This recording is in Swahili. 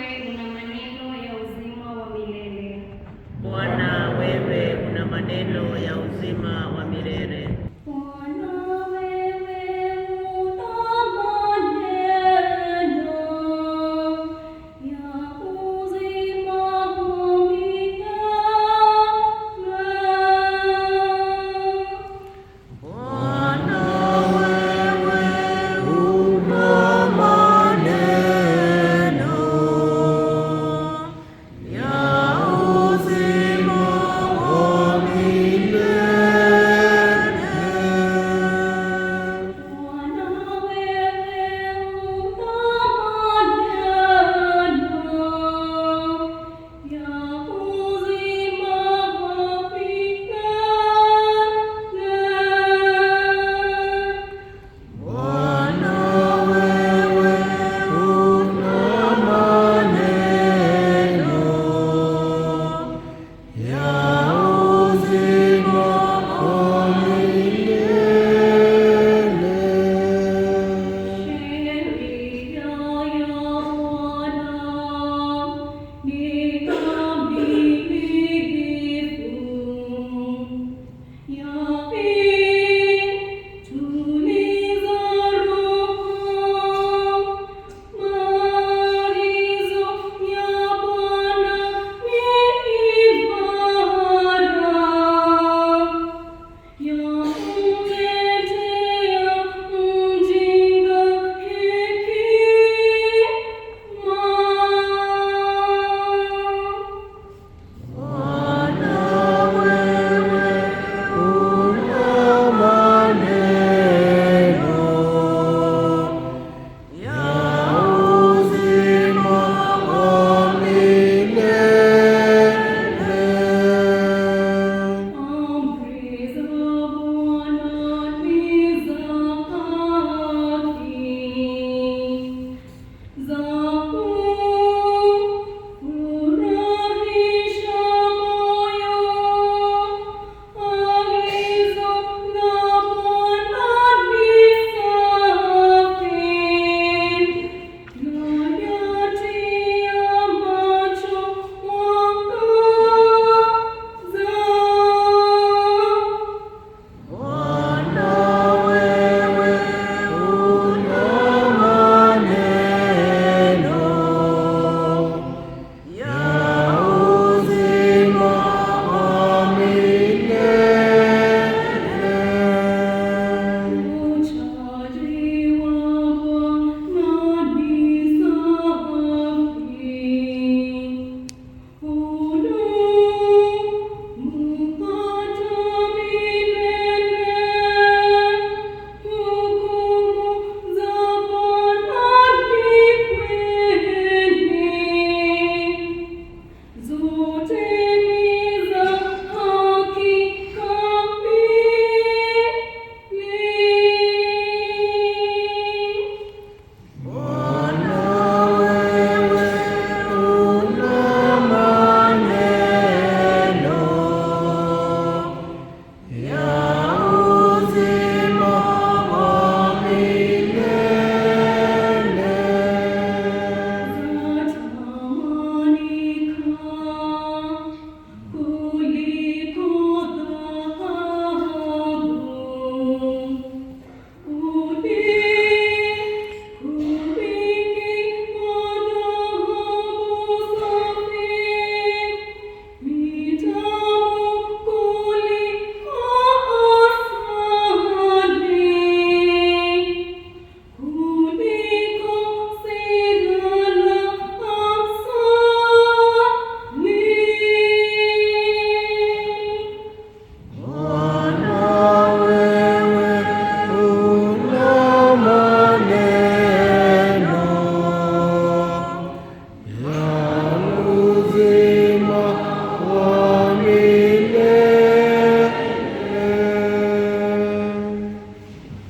wewe una maneno ya uzima wa milele. Bwana, wewe una maneno ya uzima wa milele.